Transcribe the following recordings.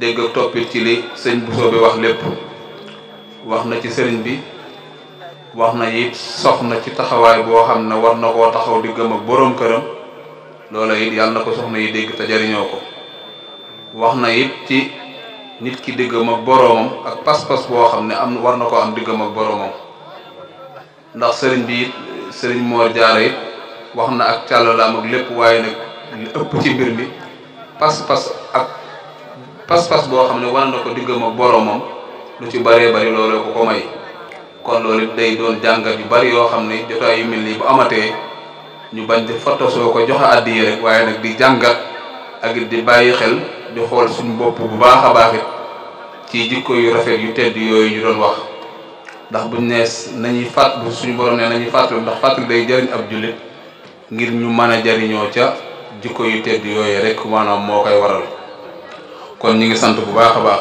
dégg ak toppit ci li sëñ Bousso bi wax lépp wax na ci sëriñ bi wax na it soxna ci taxawaay boo xam ne war na koo taxaw di gëm ak boroom këram loola it yàlla na ko soxna yi dégg te jariñoo ko wax na it ci nit ki diggam ak boroomam ak pas-pas boo xam ne am war na ko am diggam ak boroomam ndax sëriñ bi it sëriñ Mor Jaara it wax na ak càllalaam ak lépp waaye nag ëpp ci mbir mi pas-pas ak pas-pas boo xam ne war na ko diggam ak boroomam lu ci bëree bëri loolu ko ko may kon loolu day doon jàngat yu bëri yoo xam ne jotaay yu mel nii bu amatee ñu bañ di fotosoo ko joxe àddi rek waaye nag jàngat ak di bàyyi xel di xool suñu bopp bu baax a baax ci jikko yu rafet yu tedd yooyu ñu doon wax ndax buñ ne nañuy fàtt suñu borom ne nañuy fàttali ndax fàttali day jëriñ ab jullit ngir ñu mën a jëriñoo ca jikko yu tedd yooyu rek maanaam moo koy waral kon ñu ngi sant bu baax a baax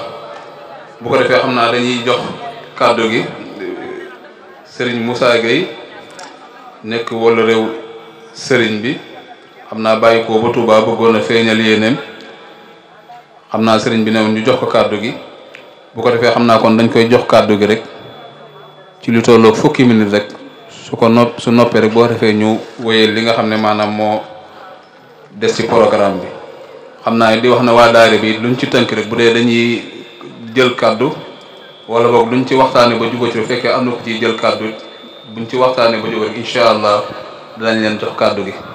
bu ko defee xam naa dañuy jox kàddu gi Serigne Moussa Gueye nekk wala réew Serigne bi xam naa bàyyi ko ba Touba bëggoon a feeñal yéeneem xam naa Serigne bi newoon ñu jox ko kàddu gi bu ko defee xam naa kon dañ koy jox kàddu gi rek ci lu tolloog fukki minute rek su ko nopp su noppee rek boo defee ñu wéyal li nga xam ne maanaam moo des ci programme bi. xam naa di wax ne waa daayira bi luñ ci tënk rek bu dee dañuy jël kàddu wala boog luñ ci waxtaane ba jubóo ci bu fekkee am na ko ciy jël kàddu buñ ci waxtaane ba jubóo rek incha allah danañ leen jox kàddu gi